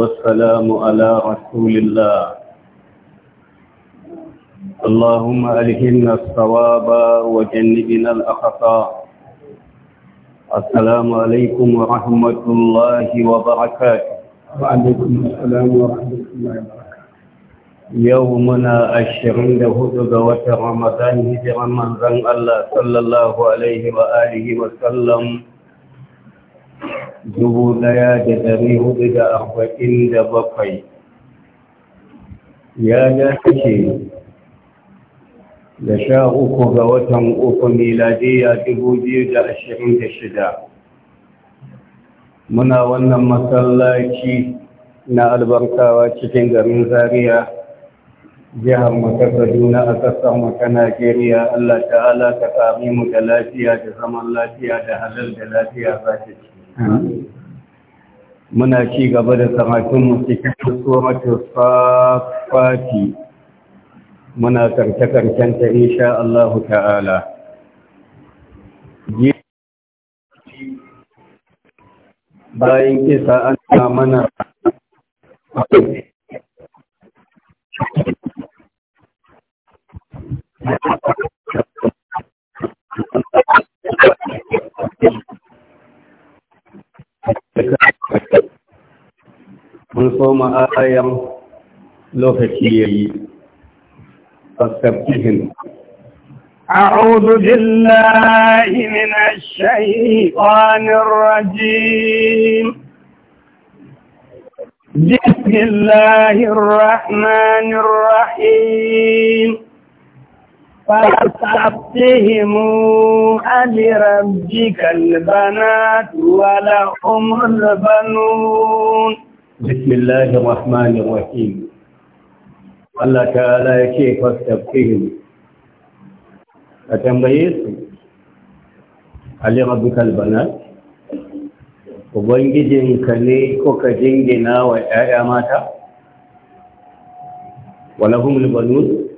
والسلام على رسول الله اللهم ألهمنا الصواب وجنبنا الأخطاء السلام عليكم ورحمة الله وبركاته وعليكم السلام ورحمة الله وبركاته يومنا الشرين لهدد وترمضان هجر من ذن الله صلى الله عليه وآله وسلم dubu ɗaya da ɗari hudu da arba'in da bakwai ya dace da sha uku ga watan uku miladiya dubu biyu da ashirin da shida muna wannan masallaci na albarkawa cikin garin zaria jihar mata kaduna a ƙasarmu maka najeriya allah ta'ala ka sami mu da lafiya da zaman lafiya da halal da lafiya za ta ci muna ci gaba da samakinmu cikin tsohon fati muna karshe-karshen ta insha Allah ta'ala bayan kisa an mana Thank you. mun soma ayan lokaci ya yi fasabtihin أعوذ بالله من الشيطان الرجيم بسم الله الرحمن الرحيم فاستفتهم ألربك البنات ولهم البنون بسم الله الرحمن الرحيم الله تعالى يكي فاستفتهم أتنبيت ألربك البنات Ubangijinka ne kuka jingina wa ‘ya'ya mata, wa lahum libanun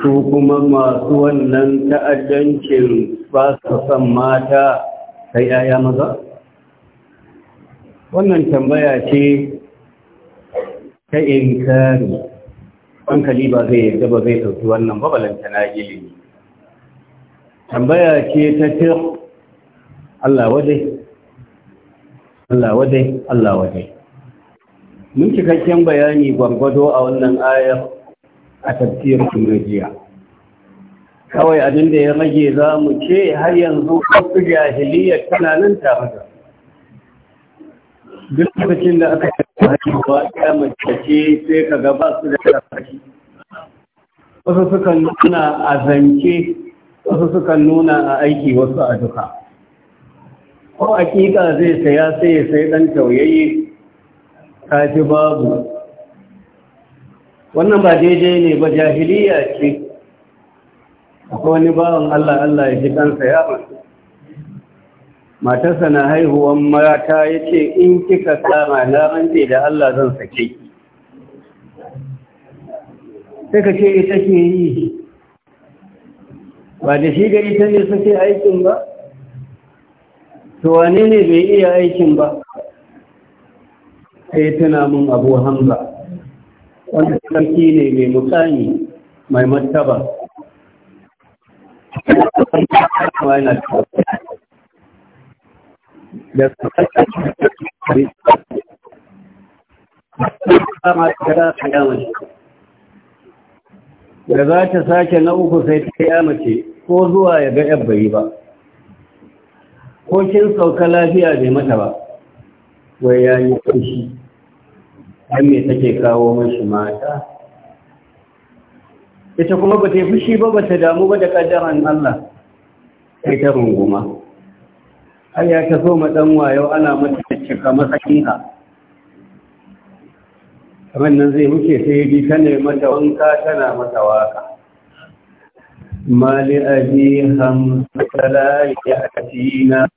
su kuma masu wannan ta'addancin ba su san mata sai yaya maza? wannan tambaya ce ta inkari hankali ba zai yadda ba zai ɗauki wannan babalanta na ilimi tambaya ce ta tir Allah wadai Allah wadai Allah wadai mun cikakken bayani gwargwado a wannan ayar a tafiyar turajiya kawai abin da ya rage za mu ce har yanzu wasu jahiliyar tana nan tare da duk lokacin da aka tafi haihuwa ta mace sai ka gaba su da tafi wasu sukan nuna a zance wasu sukan nuna a aiki wasu a duka ko hakika zai saya sai ya sai tauyayi ta kaji babu wannan ba daidai ne ba jahiliya ce akwai wani bawan Allah Allah ya ji kansa ya masu matarsa na haihuwan mata ya ce in kika kama na rantse da Allah zan sake sai ka ce ita ke yi ba da shi ga ita ne suke aikin ba to wane ne bai iya aikin ba sai tuna mun abu hamza wanda sarki ne mai mutsayi mai martaba da da za ta sake na uku sai ta kiyamace ko zuwa ya ga yabba yi ba ko kin sauka lafiya bai mata ba wai ya yi kushi don me take kawo mashi mata ita kuma ba ta yi fushi ba ba ta damu ba da kaddaran Allah sai ta runguma har ya ta so dan wayo ana mata cika matsakinka kamar nan zai muke sai bi ta ne mata wanka tana mata waka mali abi sala ya atina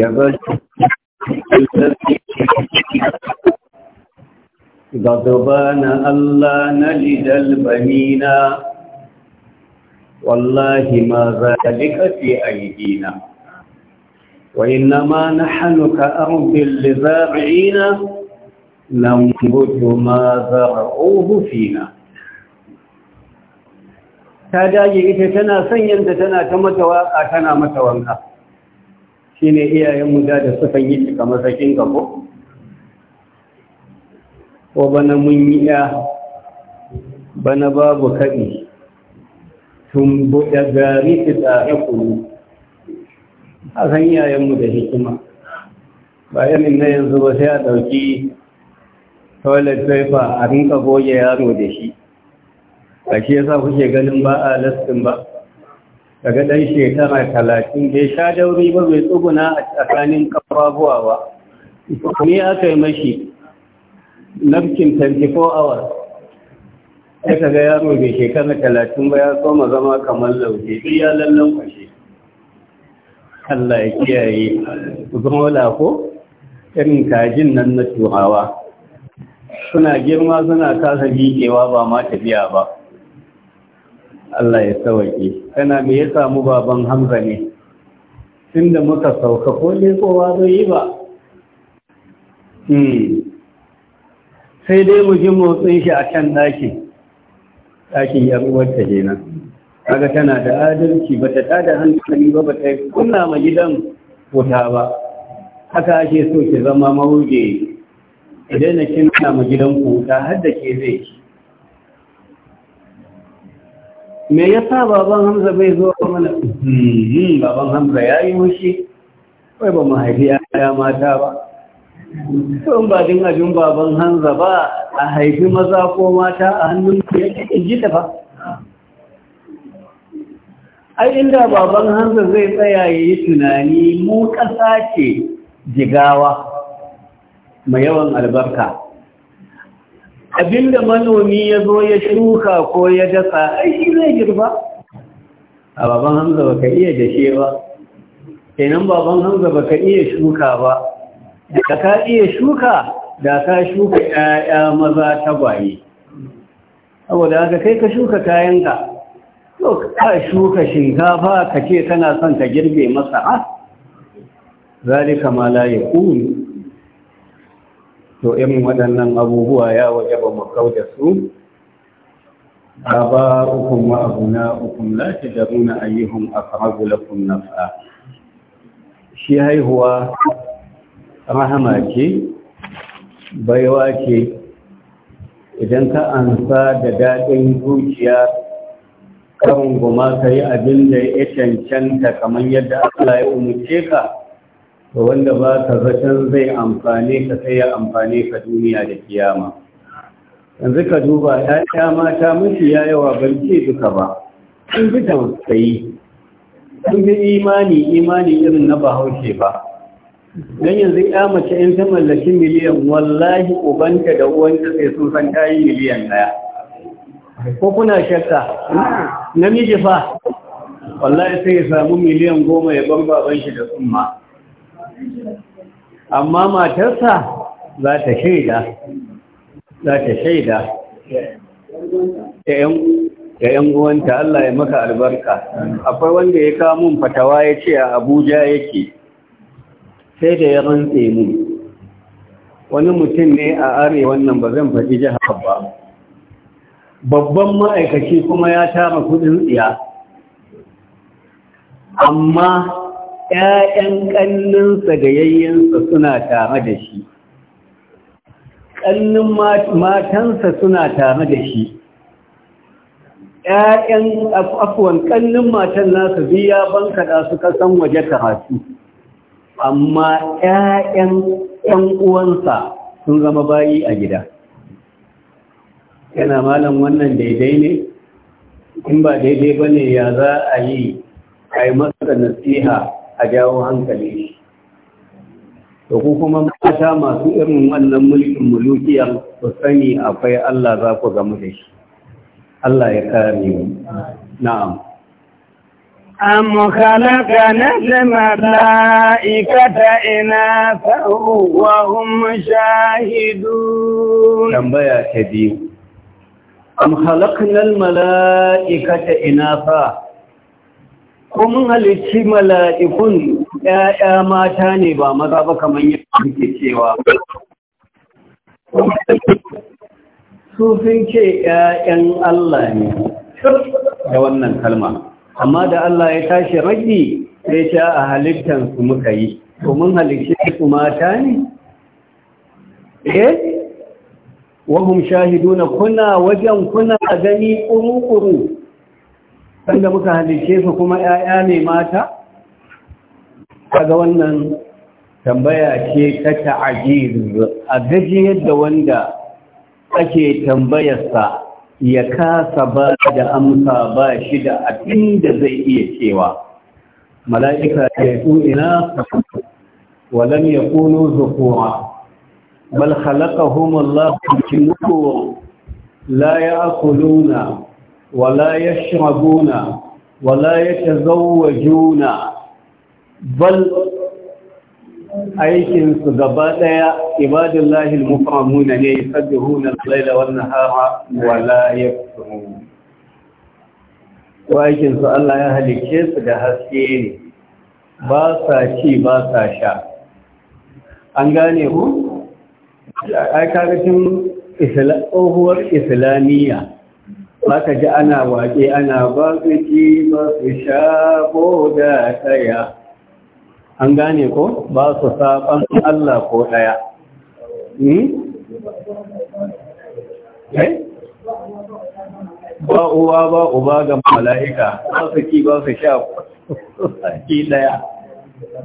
ya ba. غضبان الله نلد البنينا والله ما ذلك في أيدينا وإنما نحن كأرض لزارعين ننبت ما زرعوه فينا ta dage ita tana son yadda tana ta mata waƙa tana mata wanka Shi ne iyayenmu da da sukan yi shi kamar sakin gabo ko bana mun yi ya bana babu kaɗi tun buɗe gari su tsare kuru a san iyayenmu da hikima min na yanzu ba sai a ɗauki toilet paper a rinka goge yaro da shi a shi yasa kuke ganin ba a lastin ba daga ɗan shekara talatin bai sha dauri ba mai tsuguna a tsakanin ƙafafuwa ba ne aka yi mashi nafkin 24 hour ya kaga yaro bai shekara talatin ba ya soma zama kamar lauke ɗi ya lallan kwashe Allah ya kiyaye zola ko irin kajin nan na turawa suna girma suna kasa jikewa ba ma tafiya ba Allah ya sawaƙe Kana me ya samu baban hamza ne tun da muka sauka ko kowa zai yi ba hmm. sai dai mu ji motsin shi a can ɗakin ɗakin yan uwarta kenan kaga tana da adalci ba ta tada hankali ba ba ta kunna ma gidan wuta ba haka ake so ki zama mawuje idan na kina ma gidan wuta har da ke zai ki me yasa baban hamza bai zo mana hmm, baban hamza ya yi mushi wai ba mahaifi ya mata ba in ba din abin baban hamza ba a haifi maza ko mata a hannun ya ji ta fa ai inda baban hamza zai tsaya ya yi tunani mu ƙasa ce jigawa mai yawan albarka Abin da manomi ya zo ya shuka ko ya dasa ai zai girba a baban hamza ba ka iya dashe ba kenan baban hamza ba ka iya shuka ba da ka iya shuka da ka shuka 'ya'ya maza tagwaye saboda haka kai ka shuka kayanka to ka shuka shinkafa ka ce kana son ka girbe masa ha zalika ma la yaqulu to irin waɗannan abubuwa ya waje ba mu kau da su aba ukum wa abuna ukum la tadruna ayyuhum aqrabu lakum naf'a shi haihuwa rahama ce baiwa ce idan ka ansa da daɗin zuciya karin goma ka yi abin da ya cancanta kamar yadda Allah ya umarce ka to wanda ba ka zaton zai amfane ka sai ya amfane ka duniya da kiyama yanzu ka duba ya mata mafi ya yawa ban ce duka ba sun fi tausayi sun fi imani imani irin na bahaushe ba don yanzu ya mace in ta mallaki miliyan wallahi ubanta da uwanta sai sun san yi miliyan daya ko kuna shakka namiji fa wallahi sai ya samu miliyan goma ya ban baban shi da tsumma amma matarsa za ta shaida za ta shaida da ‘yan uwanta Allah ya maka albarka akwai wanda ya kawo mun fatawa ya ce a abuja yake sai da ya rantse mu wani mutum ne a arewa nan ba zan faɗi jihar ba babban ma'aikaci kuma ya tara kudin tsiya amma ‘ya'yan ƙanninsa da yayyansa suna tare da shi, ƙannin matansa suna tare da shi, ‘ya'yan afuwan ƙannin matan nasa biya da su kasan waje karatu, amma ‘ya'yan ‘yan uwansa sun zama bayi a gida. Yana malam wannan daidai ne, in ba daidai ba ne ya za a yi a yi masa nasiha. a jawo hankali shi to ku kuma mata masu irin wannan mulkin mulukiya ku sani akwai Allah za ku ga da shi Allah ya kare mu na'am am khalaqa nazma malaikata ina sahu wa hum shahidun tambaya ta biyu am khalaqnal malaikata inafa ko mun halicci mala'ikun ‘ya'ya mata ne ba maza ba kamar yadda muke cewa su sun ce ‘ya'yan Allah ne da wannan kalma amma da Allah ya tashi ragi sai sha a halittansu muka yi ko mun halicci su mata ne eh wahum shahiduna kuna wajen kuna gani ƙuru-ƙuru sanda muka halice su kuma 'ya'ya ne mata kaga wannan tambaya ce ta ta'ajiz a gaji yadda wanda ake tambayarsa ya kasa ba da amsa ba shi da abin da zai iya cewa mala'ika ya ina walam ya kuno zukuwa bal khalaqahum Allah cikin la ya akuluna ولا يشربون ولا يتزوجون بل aikin su gaba ɗaya, ibadullahi al-muframuna ne yusabbihuna al-laila wan-nahara wa la yafturun aikinsu Allah ya halice su da haske ne ba sa ci ba sa sha an gane ku ai kaga tun islamiyya Maka ji ana waƙe ana ba su ci ba su sha ko da ɗaya. An gane ko ba su saɓan Allah ko ɗaya. Hmm? Eh? Ba uwa ba uba ga mala'ika, ba su ki ba su sha ki ɗaya,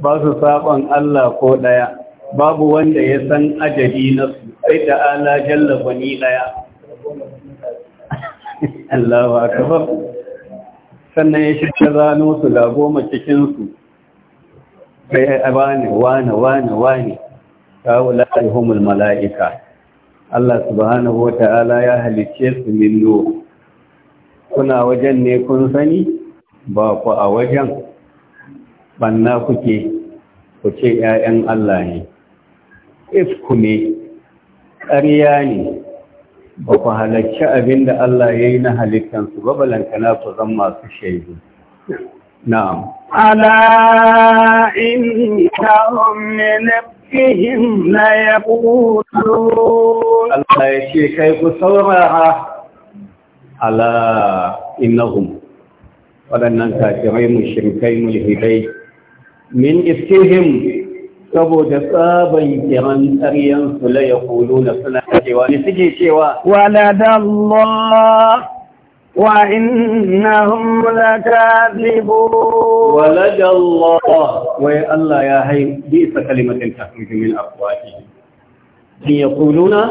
ba su saɓan Allah ko ɗaya. babu wanda ya san ajali na su sai da jallaba ni ɗaya. Allahu akbar sannan ya shirya zano su da goma cikin su sai bani wani wani wani kawula alhumul mala'ika Allah subhanahu wata'ala ya halicce su min kuna wajen ne kun sani ba ku a wajen banna kuke ku ce ‘ya'yan Allah ne, isku ne, ƙarya ne, ba ku halarci abin da Allah ya yi na halittansu ba balankana ku zan masu shaidu. Na'am. Ala innahum na ya Allah ya ce kai ku saurara ala innahum waɗannan kafirai mun hidai min iskihim saboda tsaban kiran ƙaryan su la ya kulu na suna cewa ne suke cewa waladallah wa innahum lakadibun waladallah wai Allah ya hai bi isa kalimatin takhrijun min afwahi in yaquluna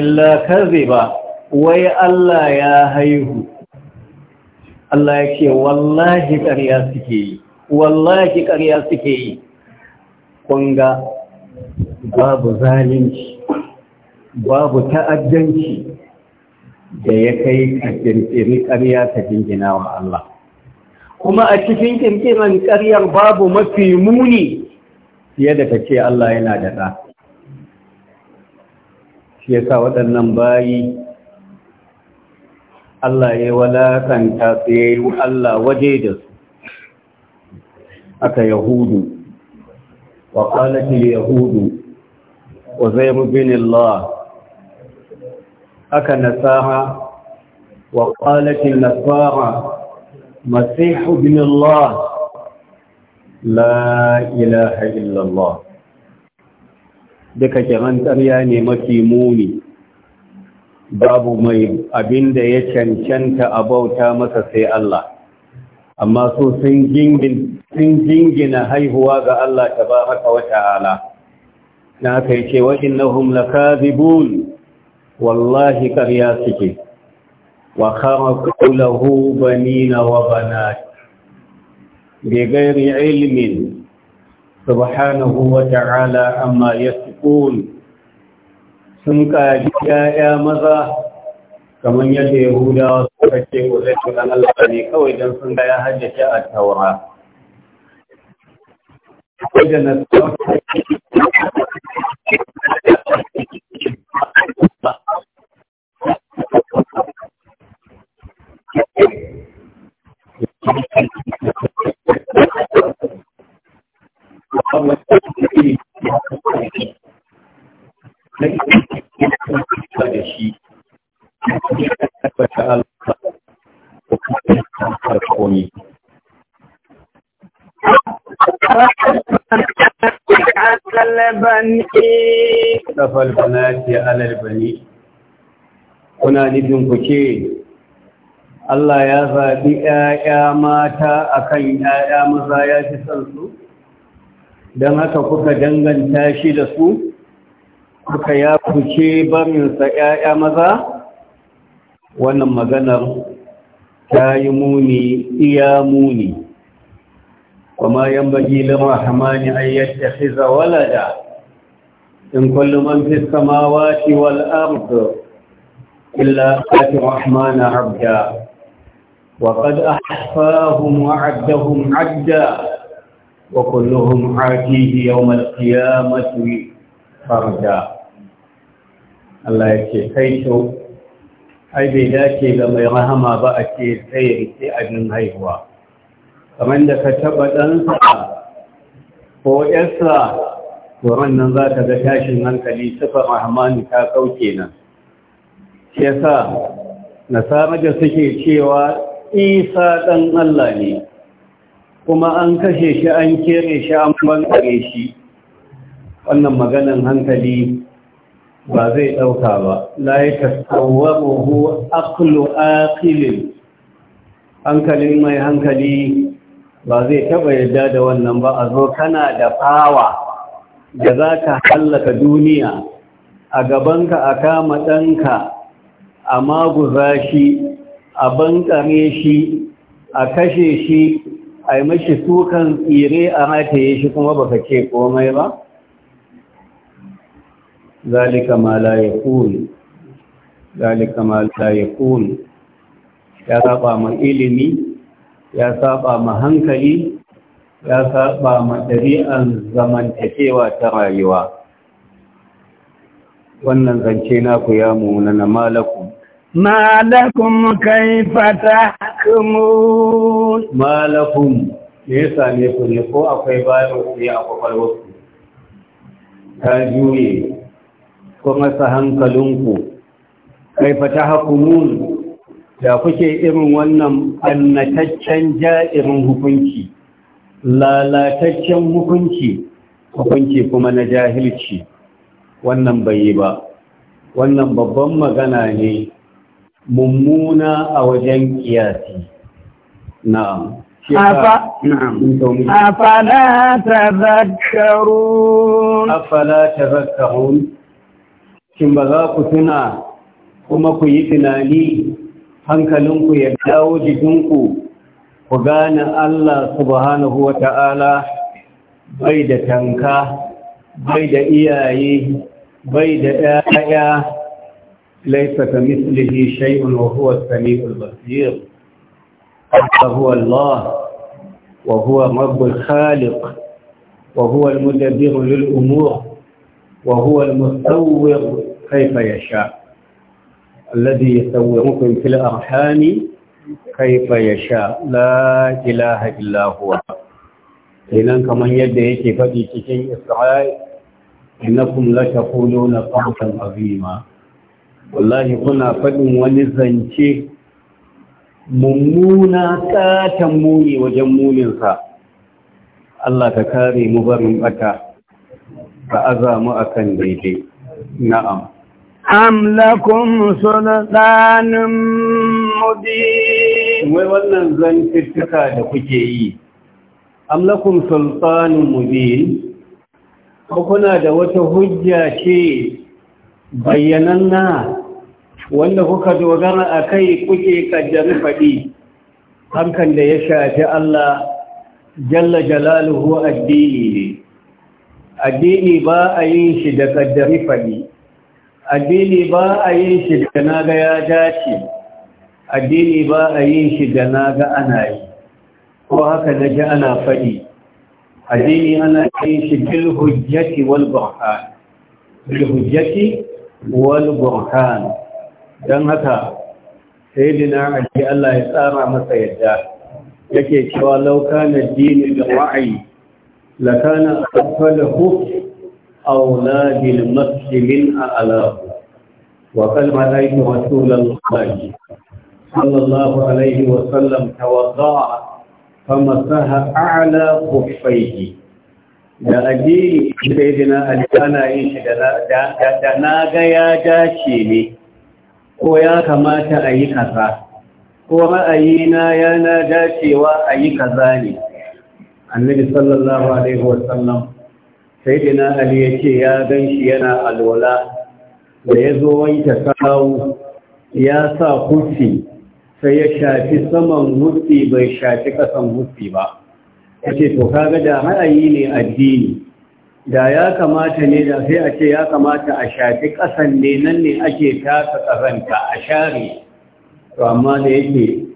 illa kadhiba wai Allah ya haihu Allah ya ce wallahi ƙarya suke yi wallahi ƙarya suke yi kunga babu zalunci babu ta'addanci da ya kai a kirkiri ƙarya ta jingina wa Allah kuma a cikin kirkiran ƙaryar babu mafi muni fiye da ta ce Allah yana da ɗa shi ya sa waɗannan bayi Allah ya walakanta su ya yi Allah waje da su aka yahudu وقالت اليهود وزير بن الله أكا نسارى وقالت النصارى مسيح بن الله لا إله إلا الله duka kiran ƙarya ne mafi muni babu mai abin da ya cancanta a bauta masa sai Allah amma so sun jingina haihuwa ga Allah ta, haka, wa ta'ala na kai ce na innahum lakazibun wallahi karya suke wa kama hu ba nina wa banat bighairi ilmin subhanahu wa ta'ala amma yasqun sun ƙaji ya'ya maza kamar yadda yahudawa suka ce uzairu dan Allah ne kawai dan sun ga ya haddace a taura Thank you. tabbata Allah ko kuma ta komi Ɗafal banati alal bani, kuna nufin ku ke? Allah ya zaɓi ‘ya'ya mata a kan ‘ya'ya maza ya fi son su, don haka kuka danganta shi da su, kuka ya kuce barinsa ‘ya'ya maza’? wannan maganar ta yi muni iya muni kuma yan bagi lama hamani an yadda fiza walada in kullum an fi samawati wal ardu illa ati rahmana abda وقد أحفاهم وعدهم عدا وكلهم عاتيه Allah ya ce kai يكفيته ai bai dace ga mai rahama ba a ce sai rike abin haihuwa kamar da ka taɓa ɗansa ko ƴarsa turan nan za ta ga tashin hankali sufa rahmanu ta kauke nan shi yasa nasara da suke cewa isa ɗan allah ne kuma an kashe shi an kere shi an bankare shi wannan maganan hankali ba zai ɗauka ba la ya tasawwaruhu aqlu hankalin mai hankali ba zai taba yadda da wannan ba a zo kana da fawa da za ka hallaka duniya a gabanka a kama ɗanka a maguza shi a bankare shi a kashe shi a yi mashi sukan tsire a rataye shi kuma baka ce komai ba? ذلك ما لا يكون ذلك ما لا يكون ya saba ma ilimi ya saba ma hankali ya saba ma ɗari'an zamantakewa ta rayuwa wannan zance naku ya munana malakum malakum kaifa tahkumun malakum me yasa ne ku ne ko akwai bayan ku ne a kwakwalwarku ta juye kuma sa hankalinku kai fata hakumun da kuke irin wannan annataccen ja'irin hukunci lalataccen hukunci hukunci kuma na jahilci wannan bai yi ba wannan babban magana ne mummuna a wajen kiyasi na'am أفلا تذكرون أفلا تذكرون Kin ba za ku tuna kuma ku yi tunani hankalinku ya dawo jikinku ku gane Allah subhanahu wa ta'ala bai da tanka bai da iyaye bai da ɗaya laisa ka mislihi shay'un wa huwa samiul basir huwa Allah wa huwa rabbul khaliq wa huwa al-mudabbir lil umur wa huwa al كيف يشاء الذي يسوعكم في الأرحام كيف يشاء لا إله إلا هو إذن كمن يدعي فدي تشين إسرائيل إنكم لتقولون قولا عظيما والله كنا فد ونزنتي mummuna katon muni wajen muninsa Allah ka kare mu barin bata ka azamu akan daidai na'am am lakum sultanun mubin wai wannan zantuttuka da kuke yi am lakum sultanun mubin ko kuna da wata hujja ce bayyananna wanda kuka dogara a kai kuke kaddari faɗi hankan da ya shafi Allah jalla jalaluhu addini ne addini ba a yin shi da ƙaddari faɗi addini ba a yin shi da naga ya dace addini ba a yin shi da naga ana yi ko haka na ji ana faɗi addini ana yin shi bil hujjati wal burhan don hujjati wal burhan dan haka Allah ya tsara masa yadda yake cewa lauka kana dini da wa'i la kana afdalu أولاد المسجد من أعلاه وقد رأيت رسول الله صلى الله عليه وسلم توضع فمسح أعلى خفيه da addini sai dina alƙana yin shi da na ga ya dace ne ko ya kamata a yi kaza ko ra'ayina yana dacewa a yi kaza ne annabi sallallahu alaihi wasallam sai dina ali ya ce ya gan shi yana alwala da ya zo wanke sawu ya sa hufi sai ya shafi saman mutsi bai shafi kasan mutsi ba ya ce to kaga da ra'ayi ne addini da ya kamata ne da sai a ce ya kamata a shafi kasan ne nan ne ake taka karanta a share to amma da yake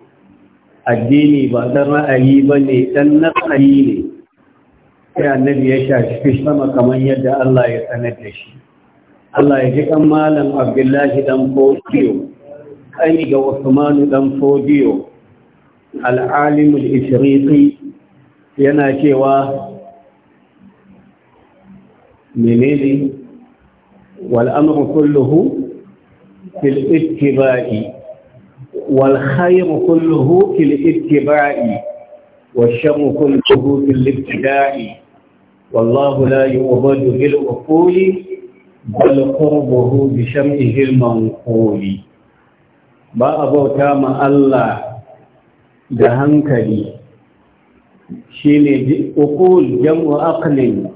addini ba dan ra'ayi ba ne dan ne sai annabi ya shafi sama kamar yadda Allah ya sanar da shi Allah ya ji kan malam Abdullahi dan Fodiyo kai ga Usman dan Fodiyo al-alim al-ishriqi yana cewa menene wal amru kulluhu fil ittiba'i wal khayru kulluhu fil ittiba'i والشر كله في الابتداء والله لا يوبد بالعقول بل قربه بشمئه المنقول ba a bauta ma Allah da hankali shi ne ukul jam'u aqlin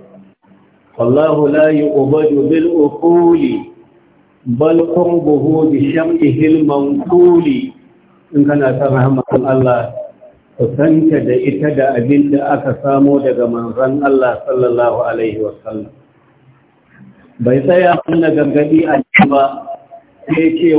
wallahu la yu'badu bil uquli bal qurbuhu bi sham'ihi al manquli in kana ta rahmatan Allah kusanta da ita da abin da aka samo daga manzan Allah sallallahu Alaihi wasallam. Bai tsaya wanda gargadi a ba sai ce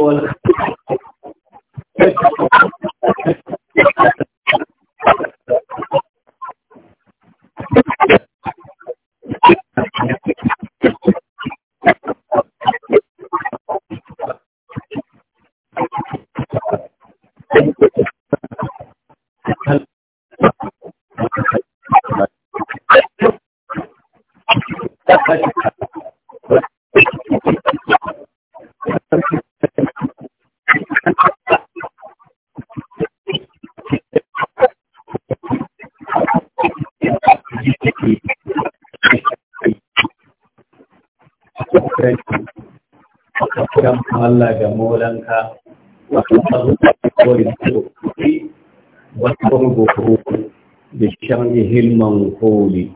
wasu da hilman holi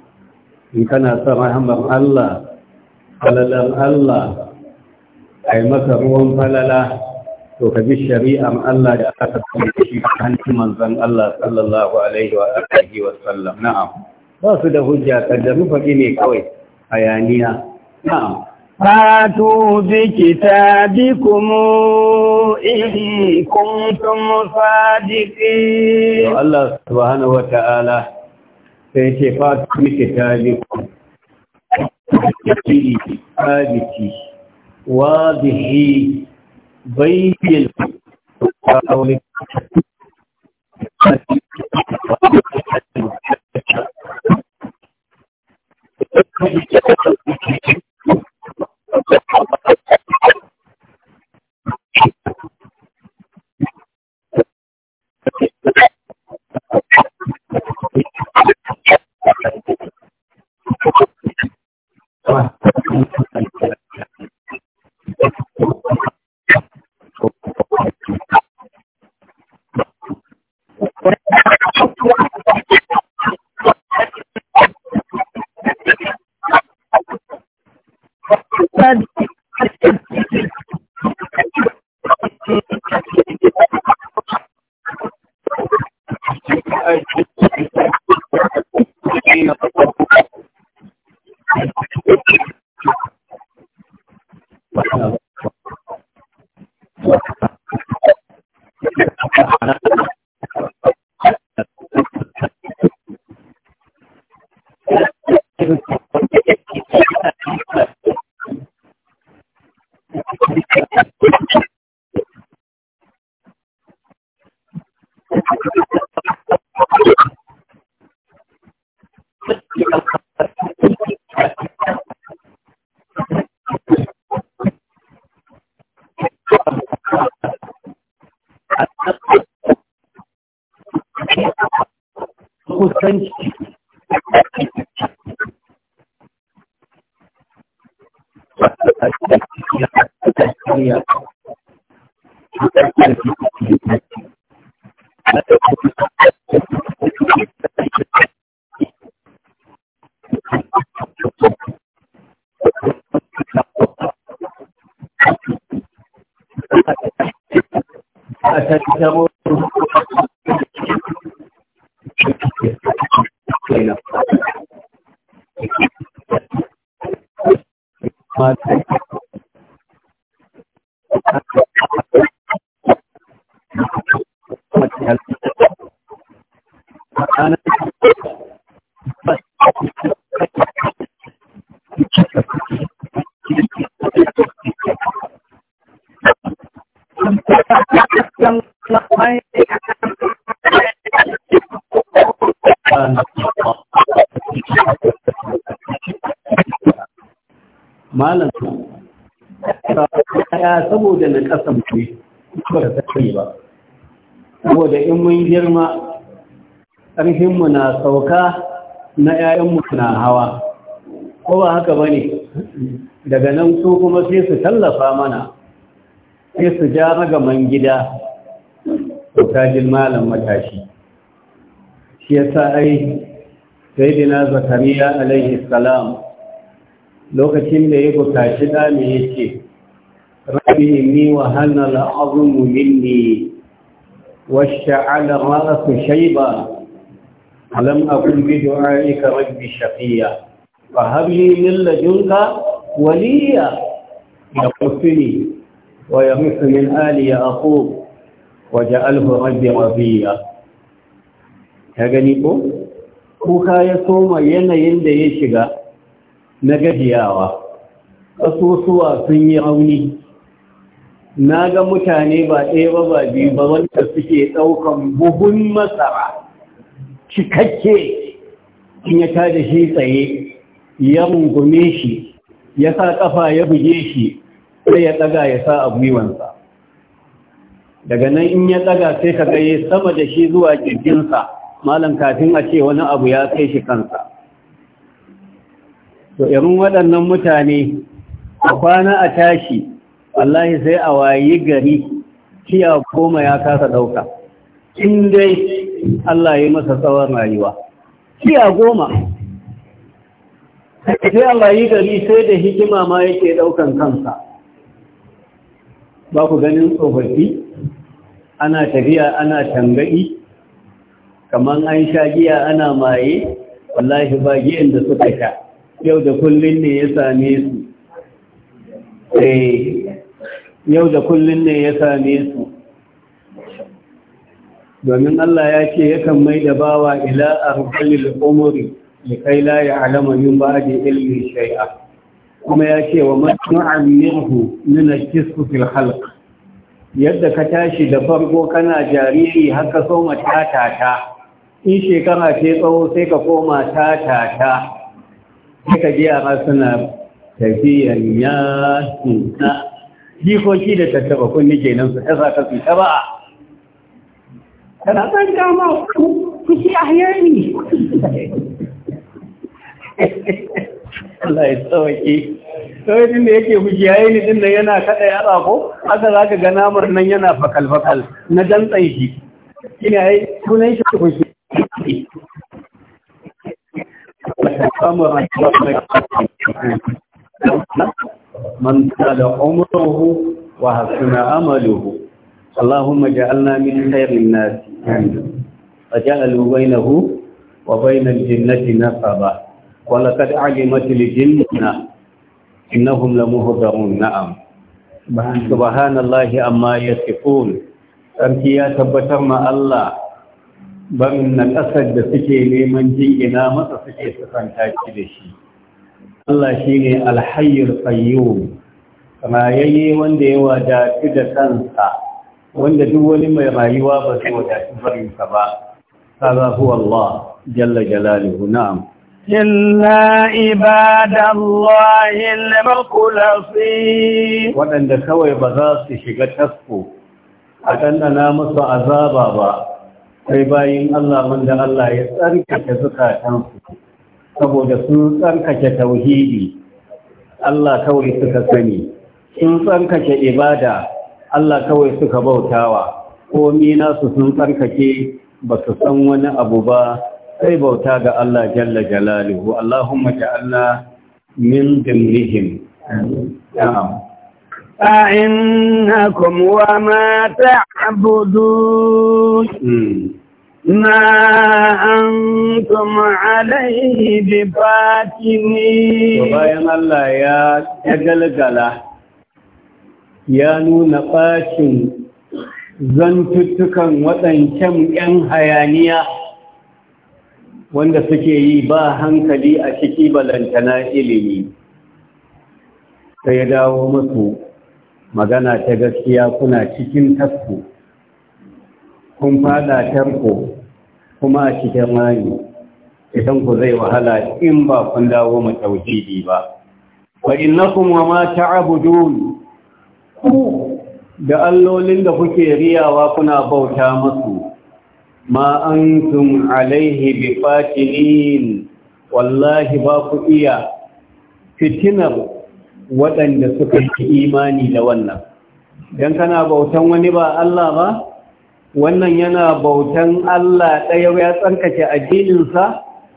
in kana san Allah falalar Allah a maka ruwan falala to ka bi shari'ar Allah da aka kuma shi a hancin manzan Allah sallallahu Alaihi wa na'am ba su da hujja kan da ne kawai a yaniya na'am فاتوا بكتابكم إن كنتم صادقين الله سبحانه وتعالى sai fatu muke taliku yake taliku wazihi bayyin kawai Thank you. Bye. hacíamos mun girma ƙarfinmu na sauka na ‘ya'yanmu na hawa ko ba haka ba ne daga nan su kuma sai su tallafa mana sai su ja ragaman gida tajin malam matashi shi ya sa ai dina zakariya alaihi salam lokacin da ya bukaci ɗa ne ya ce rabi inni wa azumu minni واشتعل الرأس شيبا ألم أكن بدعائك رب شقيا فهب لي من لدنك وليا يقفني ويمس من آلي أخوه وجعله ربي رضيا gani ko kuka ya soma yanayin da ya shiga na gajiyawa ƙasusuwa sun yi rauni na ga mutane ba ɗaya ba ba biyu ba wanda suke ɗaukan buhun masara cikakke in ya da shi tsaye ya rungume shi ya sa ƙafa ya buge shi sai ya ɗaga ya sa a gwiwansa daga nan in ya ɗaga sai ka gaye sama da shi zuwa ƙirjinsa malam kafin a ce wani abu ya kai shi kansa to irin waɗannan mutane a kwana a tashi wallahi sai a wayi gari kiya goma ya kasa ɗauka in dai Allah ya masa tsawon rayuwa kiya goma sai a wayi gari sai da hikima ma yake ɗaukan kansa ba ku ganin tsofaffi ana tafiya ana tangadi kaman an sha giya ana maye wallahi ba giyan da suka sha yau da kullum ne ya same su eh, yau da kullum ne ya same su domin Allah ya ce yakan mai da bawa ila arbalil umuri likai la ya'lamu ba da ilmi shai'a, kuma ya ce wa man nu'ammirhu nunajjisu fil khalq yadda ka tashi da farko kana jariri ka soma tatata in shekara ce tsawo sai ka koma tatata sai ka ji suna tafiyan ya jikoki da tattaba kunni nan su ta saka ta ba'a kana san dama ku ci ne Allah ya tsawaki sauyin da yake hujiyaye ni din nan yana kada ya ko haka ka ga namar nan yana fakal fakal na dantsan shi ina yi sunan shi Thank you. من طال عمره وحسن عمله اللهم اجعلنا من خير الناس فجعلوا بينه وبين الجنة نصبا ولقد علمت الجنة إنهم لمهدرون نعم سبحان الله أما يسكون أنت يا تبتر ما الله بمن الأسد سكي لمن جئنا ما سكي سكان تاكي Allah shi ne alhayyar fayyum kama yayye wanda ya wadatu da kansa wanda duk wani mai rayuwa ba su wadatu barinsa ba kaza huwa Allah jalla jalaluhu na'am illa ibadallahi al-mukhlasin kawai ba za su shiga tasko a ɗanɗana musu azaba ba sai bayin Allah wanda Allah ya tsarkake zukatansu saboda sun tsarkake tauhidi Allah kawai suka sani sun tsarkake ibada Allah kawai suka bautawa komi nasu sun tsarkake ba su san wani abu ba sai bauta ga Allah jalla jalaluhu Allahumma ja'alna min dimnihim na'am فإنكم وما تعبدون ما أنتم عليه بفاتنين وبين الله يا تقلقلا يا نون قاشن zantuttukan waɗancan 'yan hayaniya wanda suke yi ba hankali a ciki balantana ilimi sai ya dawo musu magana ta gaskiya kuna cikin tafku. kun fada tarko kuma a cikin rami idan ku zai wahala in ba kun dawo mu tauhidi ba wa innakum wa ma ta'budun ku da allolin da kuke riyawa kuna bauta musu ma antum alaihi bi fatilin wallahi ba ku iya fitinar waɗanda suka yi imani da wannan dan kana bautan wani ba Allah ba wannan yana bautan Allah ɗaya ya tsarkake addininsa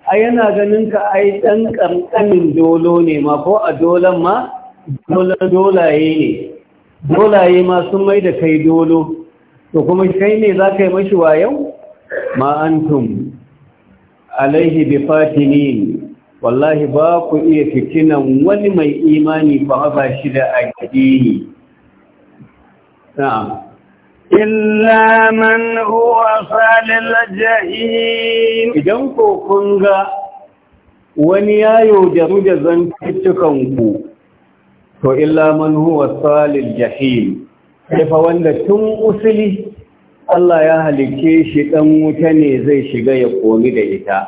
a yana ganin ka ai ɗan ƙanƙanin dolo ne ma ko a dolan ma dolaye ne dolaye ma sun mai da kai dolo to kuma kai ne za ka yi mashi wayau ma alaihi bi fatini wallahi ba ku iya fitinan wani mai imani ba ba shi da addini na'am إلا من هو صال الجحيم إذن كونغا wani ya yaudaru da ku, to illa man huwa salil jahim fa wanda tun usuli Allah ya halicce shi ɗan wuta ne zai shiga ya komi da ita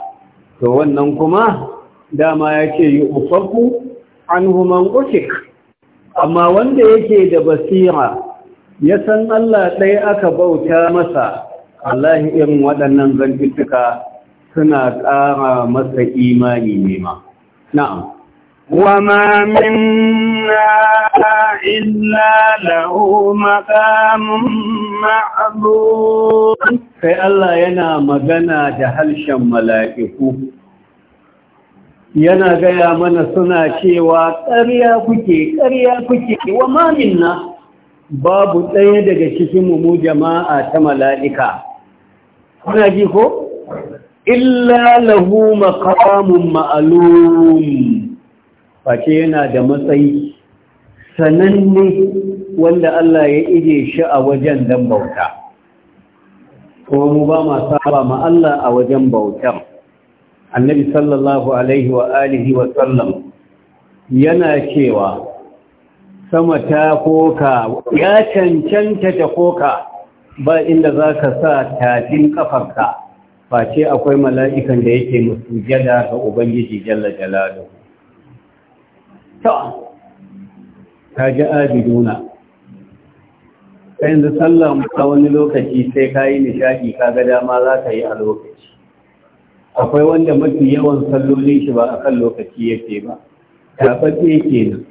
to wannan kuma dama yace yufaku anhu man usik amma wanda yake da basira ya san Allah ɗaya aka bauta masa Allah irin waɗannan zantuttuka suna ƙara masa imani nema na'am na illa إلا له ma’azu. sai Allah yana magana da harshen mala'iku. yana gaya mana suna cewa ƙarya kuke ƙarya kuke wa na." babu ɗaya daga cikin mu jama'a ta mala'ika kuna ji ko illa lahu maqamun ma'lum face yana da matsayi sananne wanda Allah ya ije shi a wajen dan bauta kuma mu ba ma saba ma Allah a wajen bautar annabi sallallahu alaihi wa wa sallam yana cewa sama ta koka ya cancanta ta koka ba inda za ka sa tafin kafarka face akwai mala'ikan da yake jada ga ubangiji jalla jalalu ta ta ji abiduna ta yanzu sallah a wani lokaci sai ka yi nishaɗi ka ga dama za ka yi a lokaci akwai wanda mafi yawan sallolin shi ba a kan lokaci yake ba taɓaɓɓe ke nan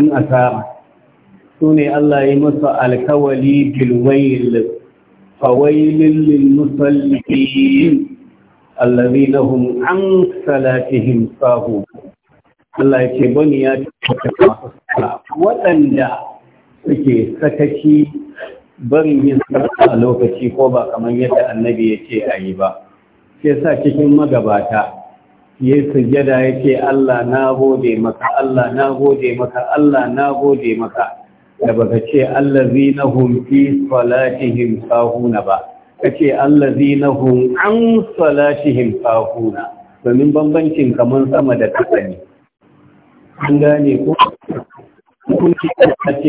in asara Sune ne Allah yi masa alkawali bilwail fawailin lilmusallin allazi na hun an salatihim sahu Allah ya ce bani ya tattata waɗanda suke sakaci barin yin a lokaci ko ba kamar yadda annabi ya ce a yi ba sai sa cikin magabata ya sujada ya ce Allah na gode maka Allah na gode maka Allah na gode maka da baka ce allazina na hunfi salatihim sahuna ba kace allazina na hun'an salatihim sahuna domin bambancin kamar sama da kasa ne an gane ko kun ci ta ce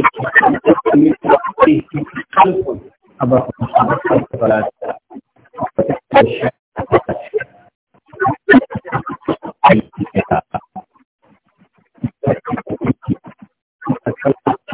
Thank you.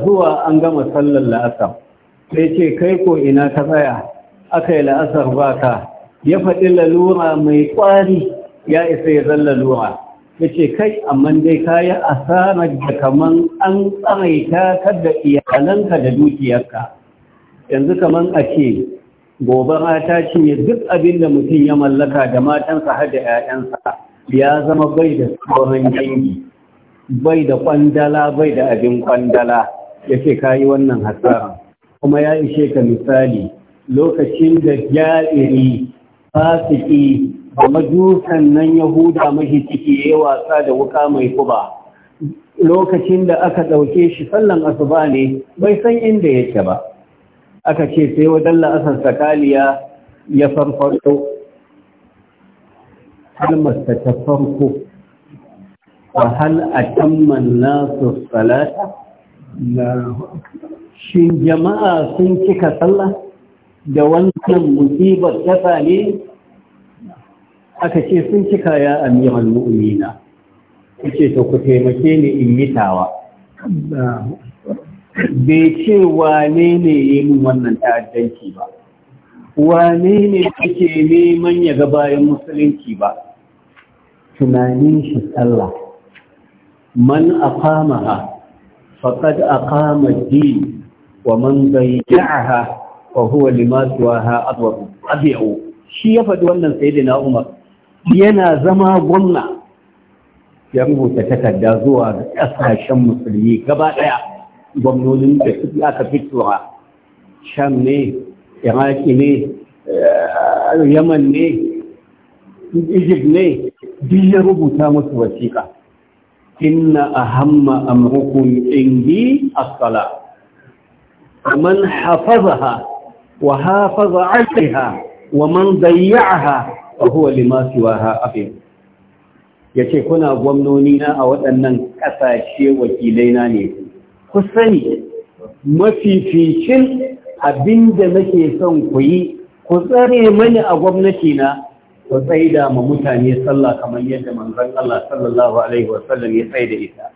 zuwa an gama sallar la'asar sai ce kai ko ina ta tsaya aka yi la'asar ba ka ya faɗi lalura mai ƙwari ya isa ya zan lalura ya ce kai amma dai ka yi asarar da kaman an tsaraita ka da iyalanka da dukiyarka yanzu kamar a ce gobara ta cinye duk abin da mutum ya mallaka da matansa har da 'ya'yansa ya zama bai da tsoron dangi bai da kwandala bai da abin kwandala ya ce ka yi wannan hasara kuma ya ishe ka misali lokacin da ja'iri fasiki da majusan nan yahuda mashi ciki ya wasa da wuka mai kuba lokacin da aka ɗauke shi sallan asuba ne bai san inda yake ba aka ce sai wajen la'asar sakaliya ya farfarto kalmarsa ta farko hal a tamman nasu salata shin jama'a sun cika sallah da wannan musibar ta ne aka ce sun cika ya amiran mu'mina ce to ku taimake ni in yi tawa bai ce wane ne ya min wannan ta'addanci ba wane ne ake neman ya ga bayan musulunci ba tunanin shi sallah man ha. faqad aqama ad wa man bayya'aha wa huwa lima siwaha adwabu abi'u shi ya faɗi wannan sayyidina Umar yana zama gwamna ya rubuta takarda zuwa ga ƙasashen musulmi gaba ɗaya gwamnonin da suke aka fitowa sham ne iraki ne yaman ne egypt ne duk ya rubuta masu wasiƙa inna ahamma amrukum indi as-salah man hafazaha wa hafaza 'alayha wa man dayya'aha fa huwa lima siwaha afin yace kuna gwamnoni na a waɗannan ƙasashe wakilai na ne ku sani mafificin abinda nake son ku yi ku tsare mani a gwamnati na ta tsaida ma mutane sallah kamar yadda manzan Allah sallallahu alaihi wasallam ya tsaida ita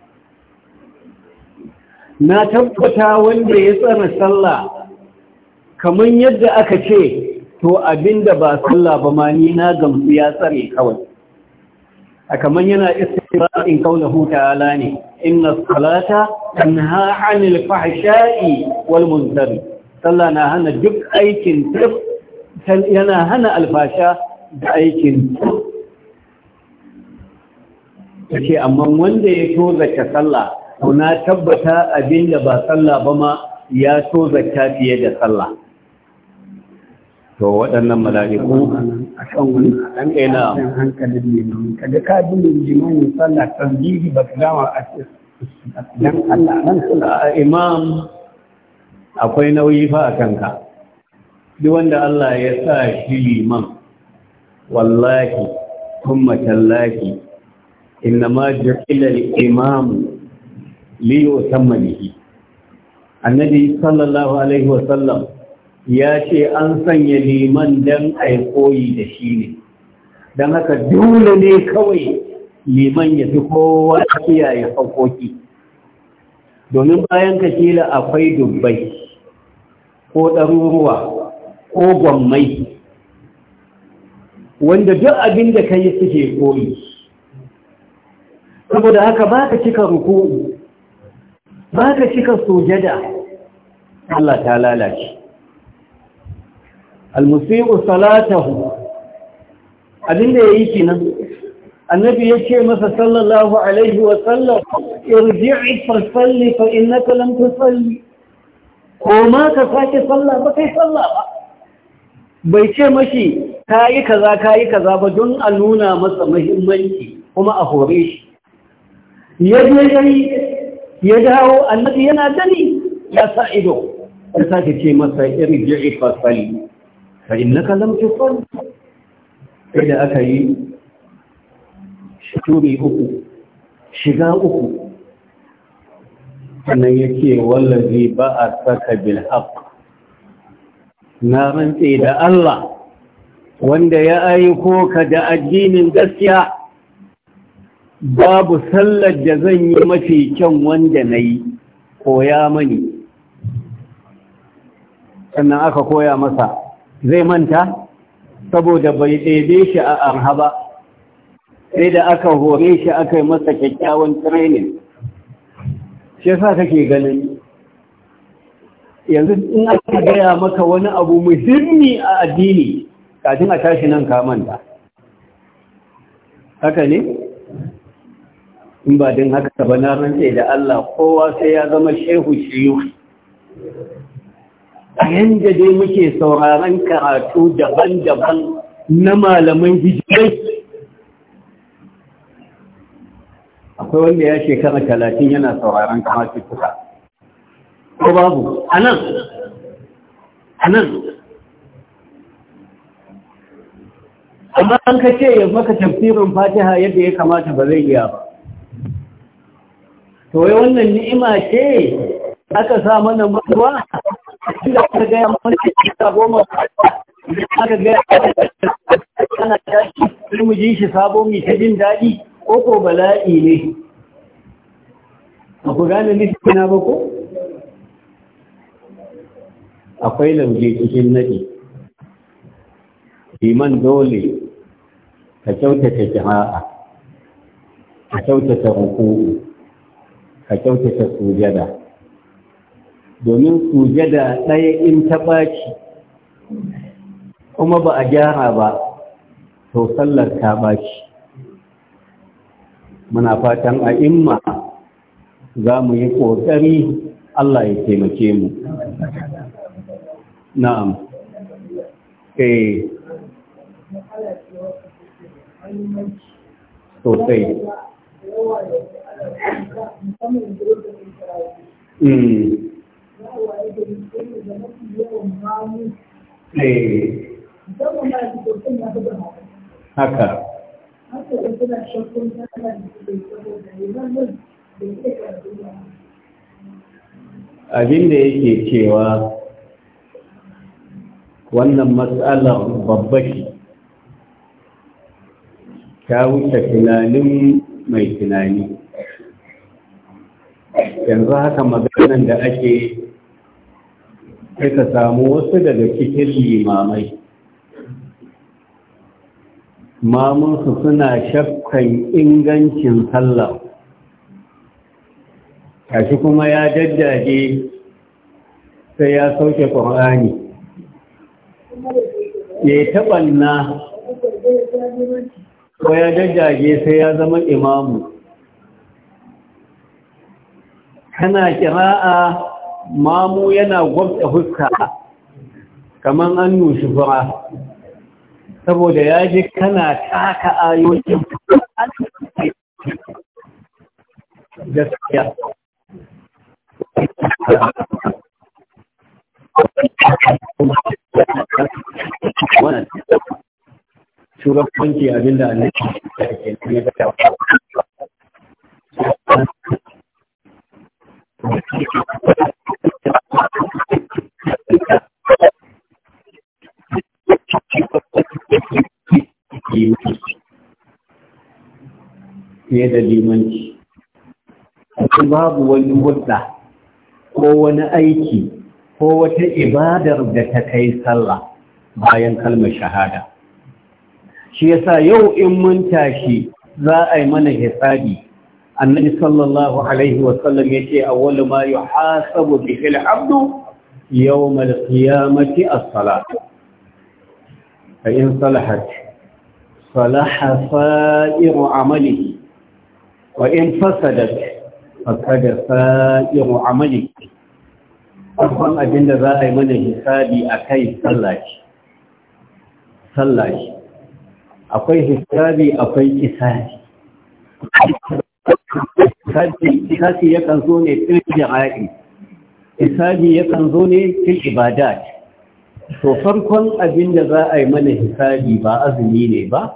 na tabbata wanda ya tsara sallah kamar yadda aka ce to abinda ba sallah ba ma na gamsu ya tsare kawai a kamar yana istira'in huta ala ne inna salata tanha 'anil fahsha'i wal munkar sallah na hana duk aikin yana hana alfasha da aikin ta ce amma wanda ya zaka sallah to na tabbata abin da ba sallah ba ma ya zaka fiye da sallah to waɗannan mala'iku a kan wani ɗan ƙaina hankalin limani kaga ka bi mai jimani sallah kan tasbihi ba ka dama a dan Allah A imam akwai nauyi fa a kanka duk wanda Allah ya sa shi liman wallahi kuma tallahi ma ju'ila al-imam li yusamma annabi sallallahu alaihi wa sallam ya ce an sanya liman dan ai koyi da shi ne dan haka dole ne kawai liman ya fi kowa kiyaye hakoki domin bayan ka kila akwai dubbai ko ɗaruruwa ko gwammai wanda duk abin da ka yi suke koyi saboda haka ba ka cika ruku ba ka cika sojada Allah ta lalace almusi'u salatahu abin da ya yi kinan annabi ya ce masa sallallahu alaihi wa wasallam irji'i fasalli fa kalan ta tusalli ko ma ka sake sallah ba kai sallah ba bai ce mashi ka yi kaza ka yi kaza ba don a nuna masa mahimmanci kuma a hore shi ya je ya dawo annabi yana gani ya sa ido ya sake ce masa irin ji'i fasali na innaka lam son. sai da aka yi shuri uku shiga uku sannan yake wallazi ba a saka bil na rantse da Allah wanda ya aiko ka da addinin gaskiya babu sallar da zan yi mafi kyan wanda na yi koya mani sannan aka koya masa zai manta saboda bai ɗaiɗe shi a arha ba sai da aka hore shi aka yi masa kyakkyawan training shi yasa kake ganin yanzu in aka gaya maka wani abu muhimmi a addini kafin a tashi nan ka manta haka ne in ba din haka ba na rantse da Allah kowa sai ya zama shehu shiyu a yanda dai muke sauraron karatu daban-daban na malaman hijirai akwai wanda ya shekara talatin yana sauraron kamar fituka ko babu a nan a nan amma an ka ce ya maka tafsirin fatiha yadda ya kamata ba zai iya ba to wai wannan ni'ima ce aka sa mana mutuwa inda aka gaya mana sabo goma aka gaya ana shi sai mu ji shi sabo mu ta jin daɗi ko ko bala'i ne ba ku gane nufi na ba ko akwai lauje cikin naɗi liman dole ka kyautata jama'a ka kyautata ruku'u ka kyautata sujada domin sujada ɗaya in ta ɓaci kuma ba a gyara ba to sallar ta ɓaci muna fatan a imma za mu yi ƙoƙari Allah ya taimake mu na'am eh sosai hmm. eh. haka abin da yake cewa wannan matsalar babba ce ta wuce tunanin mai tunani yanzu haka maganan da ake sai ka samu wasu daga cikin limamai mamunsu suna shakkan ingancin sallah kashi kuma ya jajjaje sai ya sauke ƙwar'ani ya taɓanna ko ya jajjage sai ya zama imamu kana kira'a mamu yana gwabta huska kamar an nushi fura saboda ya ji kana taka ayoyin gaskiya shugabanci abinda annabi fiye da limanci babu wani hudda ko wani aiki ko wata ibadar da ta kai sallah bayan kalmar shahada shi yasa yau in mun tashi za a yi mana hisabi annabi sallallahu alaihi wasallam ya ce awwalu ma yuhasabu bihi al-abdu yawm al-qiyamati as-salat fa in salahat salaha sa'iru amalihi wa in fasadat fasada sa'iru amalihi abin abinda za a yi mana hisabi akai sallah sallah akwai hisabi akwai kisasi ya yakan zo ne fil jira'i ya yakan zo ne fil ibadat to farkon abin da za a yi mana hisabi ba azumi ne ba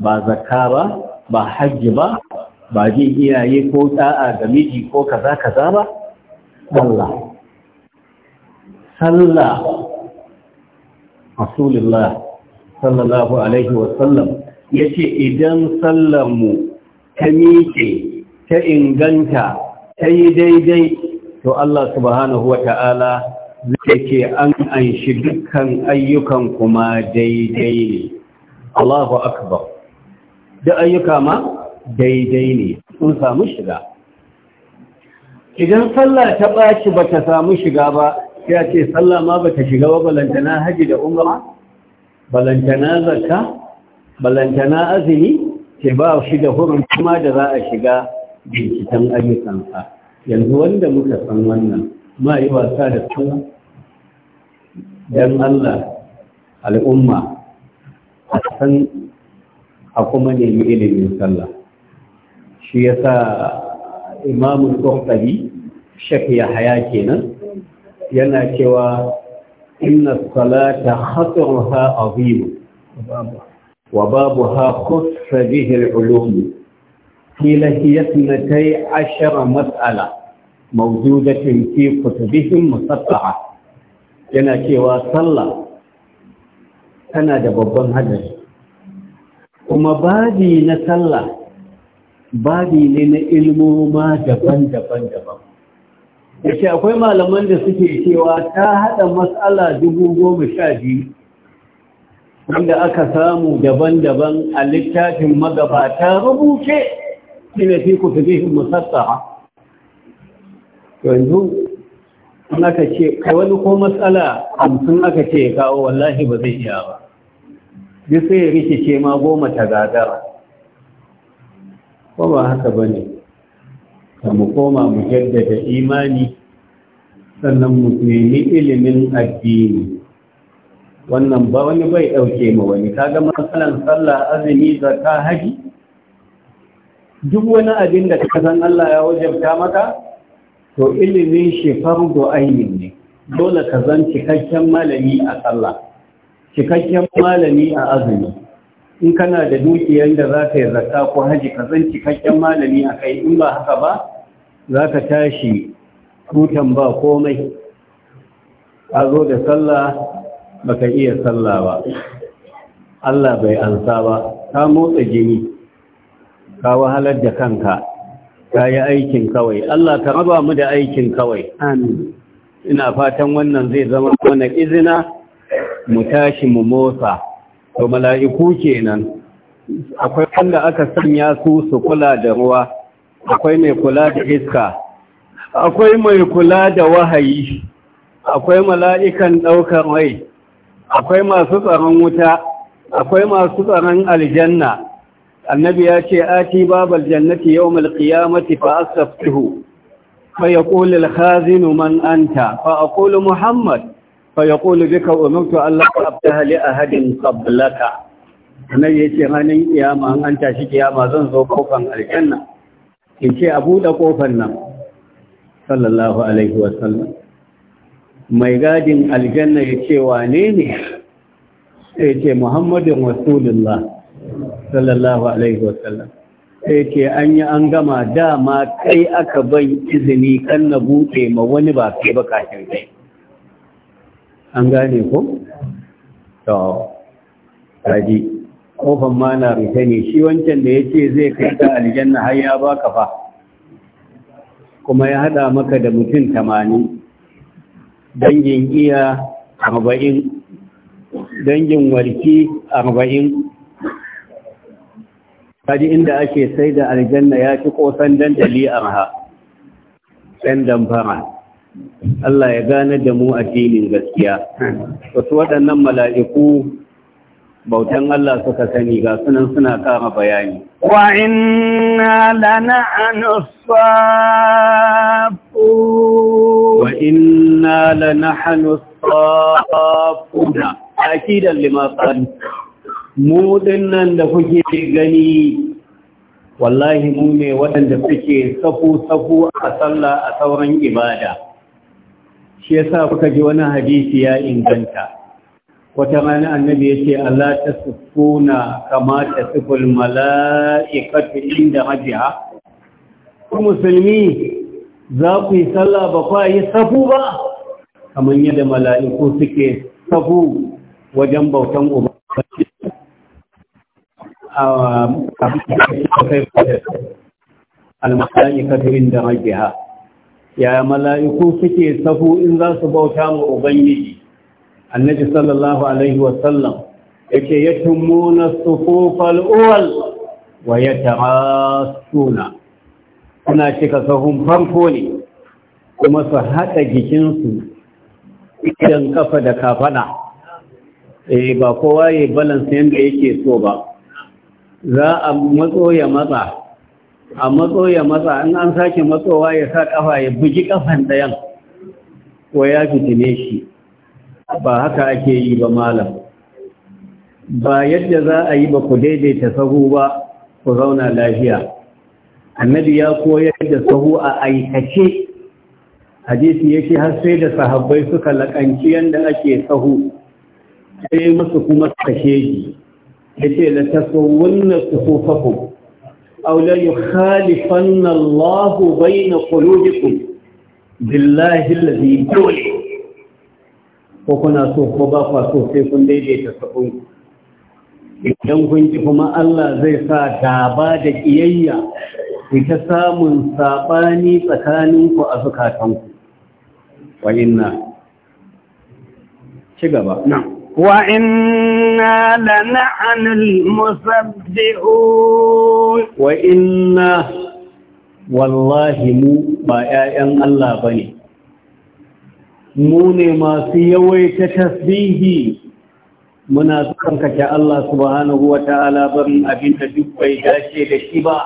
ba zakka ba ba hajji ba ba ji iyaye ko da'a ga miji ko kaza kaza ba sallah sallah rasulullah sallallahu alaihi wasallam ya ce idan sallanmu ta miƙe ta inganta ta yi daidai to Allah subhanahu wa ta'ala zai ce an anshi dukkan ayyukan kuma daidai ne Allahu akbar da ayyuka ma daidai ne sun samu shiga idan sallah ta ɓaci ba ta samu shiga ba ya ce sallah ma ba ta shiga ba balantana haji da umra balantana zakka balantana azumi ke ba shi da hurin kuma da za a shiga binciken ayyukansa yanzu wanda muka san wannan ma yi wasa da su dan Allah al'umma a san a kuma nemi ilimin sallah shi ya sa imamun ƙwaƙari shek ya haya kenan yana cewa إن الصلاة خطرها عظيم وبابها خص به العلوم قيل هي اثنتي عشر مسألة موجودة في كتبهم مسطعة yana cewa sallah tana da babban hadari kuma babi na sallah babi ne na ilmoma daban-daban daban ya ce akwai malaman da suke cewa ta haɗa matsala dubu goma sha biyu wanda aka samu daban-daban a littafin magabata rubuce ina fi ku fi zihin musassa yanzu an aka ce wani ko matsala hamsin aka ce ya kawo wallahi ba zai iya ba duk sai ya rikice ma goma ta gagara ko ba haka ba ne ka mu koma mu jaddada imani sannan mu nemi ilimin addini wannan ba wani bai ɗauke ma wani kaga matsalan sallah azumi zakka haji duk wani abin da ka san Allah ya wajabta maka to ilimin shi fardu ainin ne dole ka zan cikakken malami a sallah cikakken malami a azumi in kana da dukiyar da za ka yi zarta ko haji ka zan cikakken malami a kai in ba haka ba za ka tashi tutan ba komai a zo da sallah ba ka iya sallah ba Allah bai ansa ba ka motsa jini ka wahalar da kanka ka yi aikin kawai Allah ka raba mu da aikin kawai amin ina fatan wannan zai zama wani izina mu tashi mu motsa to mala'iku kenan akwai wanda aka sanya su su kula da ruwa akwai mai kula da iska akwai mai kula da wahayi akwai mala'ikan ɗaukar rai akwai masu tsaron wuta akwai masu tsaron aljanna annabi ya ce ati babal jannati yawmal qiyamati fa asafihu fa yaqulu al-khazinu man anta fa aqulu muhammad فيقول بك أمرت أن لا أبتها لأحد قبلك nan ya yace hannun kiyama an an tashi kiyama zan zo kofan aljanna in ce a buɗe kofan nan sallallahu alaihi wa sallam. mai gadin aljanna ya ce wane ne yace ce muhammadin rasulullah sallallahu alaihi wa sallam ce an yi an gama dama kai aka bai izini kan na buɗe ma wani ba kai ba kashin kai an gane ku? to kaji kofan ma na rute ne shi wancan da ya ce zai kai ta aljanna har ya baka fa kuma ya haɗa maka da mutum tamanin dangin iya arba'in dangin warki arba'in kaji inda ake sai da aljanna ya ci kosan dandali arha ɗan damfara Allah ya gane da mu addinin gaskiya wasu waɗannan mala'iku bautan Allah suka sani ga sunan suna kama bayani wa inna lana anusaffu wa inna lana hanusaffuna akidan lima mu ɗinnan da kuke gani wallahi mu ne waɗanda suke safu-safu a sallah a sauran ibada shi yasa kuka ji wani hadisi ya inganta wata mana annabi ya ce Allah ta sufuna kama ta suful mala'ikatu inda rajiha ku musulmi za ku yi sallah ba kwa yi safu ba kamar yadda mala'iku suke safu wajen bautan uba al-mala'ikatu inda rajiha Yaya mala'iku suke safu in za su bauta ma ubangiji annabi sallallahu alaihi wasallam yake yatumuna sufufal uwal wa ya suna. Suna cika sahun farko ne kuma su haɗa jikinsu idan kafa da kafaɗa E, ba kowa ya balansu yadda yake so ba za a matso ya matsa a matso ya matsa in an sake matsowa ya sa kafa ya bugi kafan ɗayan ko ya fitine shi ba haka ake yi ba malam ba yadda za a yi ba ku daidaita sahu ba ku zauna lafiya annabi ya koyar da sahu a aikace hadisi yake har sai da sahabbai suka lakanci yadda ake sahu sai musu kuma kashe shi yace la tasawwunna sufufakum أو لا يخالفن الله بين قلوبكم بالله الذي يقولي ko kuna so ko ba kwa kun daidaita sakon idan kun ji kuma Allah zai sa daba da ƙiyayya ki samun saɓani tsakanin ku a zukatan ku wa inna ci gaba وإنا لنحن المصدقون وإنا والله مو بآيان الله بني موني ما سيوي تتسبيه muna tsankake Allah subhanahu wa ta'ala barin abinda duk bai dace da shi ba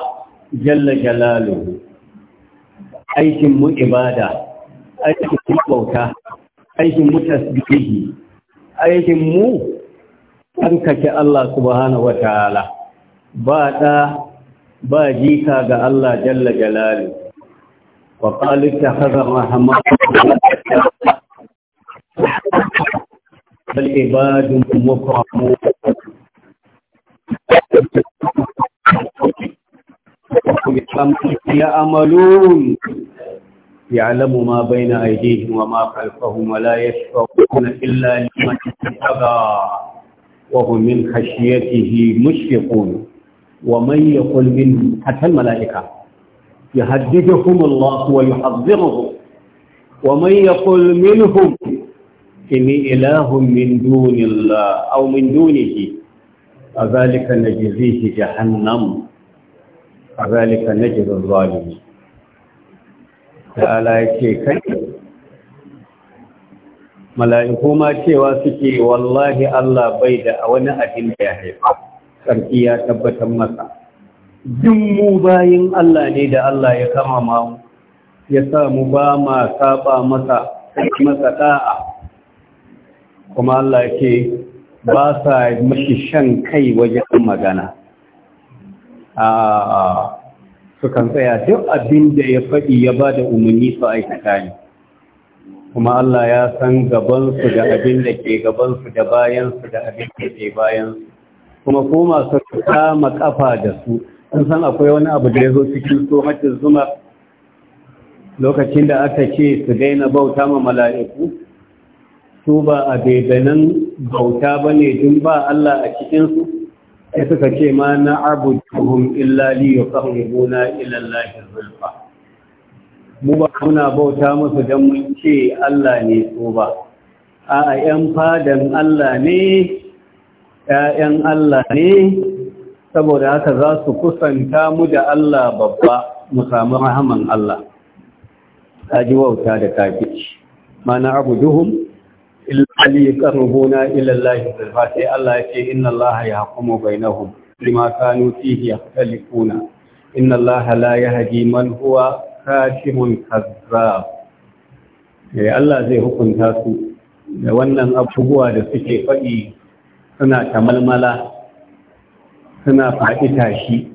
jalla jalalu aikin mu ibada aikin mu bauta aikin mu tasbihi aikin mu an kake Allah subhanahu wataala ba ta, ba jika ga Allah jalla jalali wa ƙalita hazar rahama ibadun mukramun amalun. يعلم ما بين أيديهم وما خلفهم ولا يشفعون إلا لمن اتقى وهم من خشيته مشفقون ومن يقل منهم حتى الملائكة يهددهم الله ويحذرهم ومن يقل منهم إني إله من دون الله أو من دونه فذلك نجزيه جهنم فذلك نجز الظالمين ta'ala ya kai mala'iku ma cewa suke wallahi Allah bai da wani abin da ya haifa sarki ya tabbatar masa duk mu bayin Allah ne da Allah ya kama ma mu ya sa mu ba ma saba masa masa da'a kuma Allah ke ba sa mashi shan kai wajen magana Su kan tsaya duk abin da ya faɗi ya ba da umarni su aikata ne kuma Allah ya san gabansu da abin da ke gabansu da bayansu da abin da ke bayansu kuma ko masu kama kafa da su Sun san akwai wani abu da ya zo cikin tsohatin zuma lokacin da aka ce su daina bauta ma mala'iku su ba a bebanin bauta ba ne dun ba Allah a cikinsu sai suka ce ma na abuduhum illa li yuqarribuna ila Allahi zulfa mu ba muna bauta musu dan mun ce Allah ne so ba a'a yan fadan Allah ne ‘ya'yan Allah ne, saboda haka za su kusanta mu da Allah babba mu samu rahaman Allah, ta ji wauta da kafici, mana abu duhun ali qarrubuna ila Allah sai Allah ce, inna Allah yahkumu bainahum lima kanu fihi yakhtalifuna inna Allah la yahdi man huwa kashimun kazzab eh Allah zai hukunta su da wannan abubuwa da suke faɗi suna tamalmala suna faɗi tashi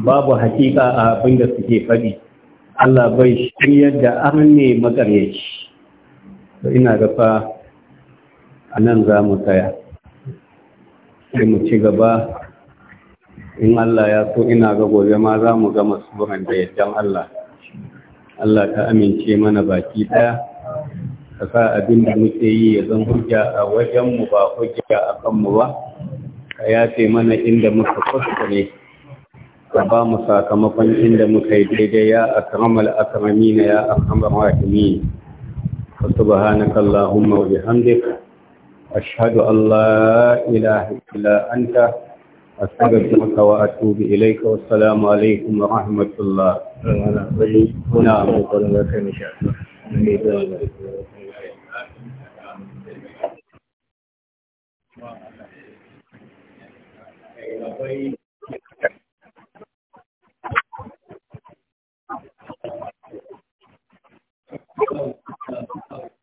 babu hakika a abin da suke faɗi Allah bai shiryar da arne magaryaci to ina ga fa a nan za mu tsaya sai mu ci gaba in Allah ya so ina ga gobe ma za mu gama subuhan da yaddan Allah Allah ta amince mana baki ɗaya ka sa abin da muke yi ya zan hujja a wajenmu ba hujja a kanmu ba ka yafe mana inda muka kuskure ka ba mu sakamakon inda muka yi daidai ya akramal akramina ya akramar rahimin subhanakallahumma wa bihamdika أشهد أن لا إله إلا أنت أستغفرك وأتوب إليك والسلام عليكم ورحمة الله. نعم. Thank you.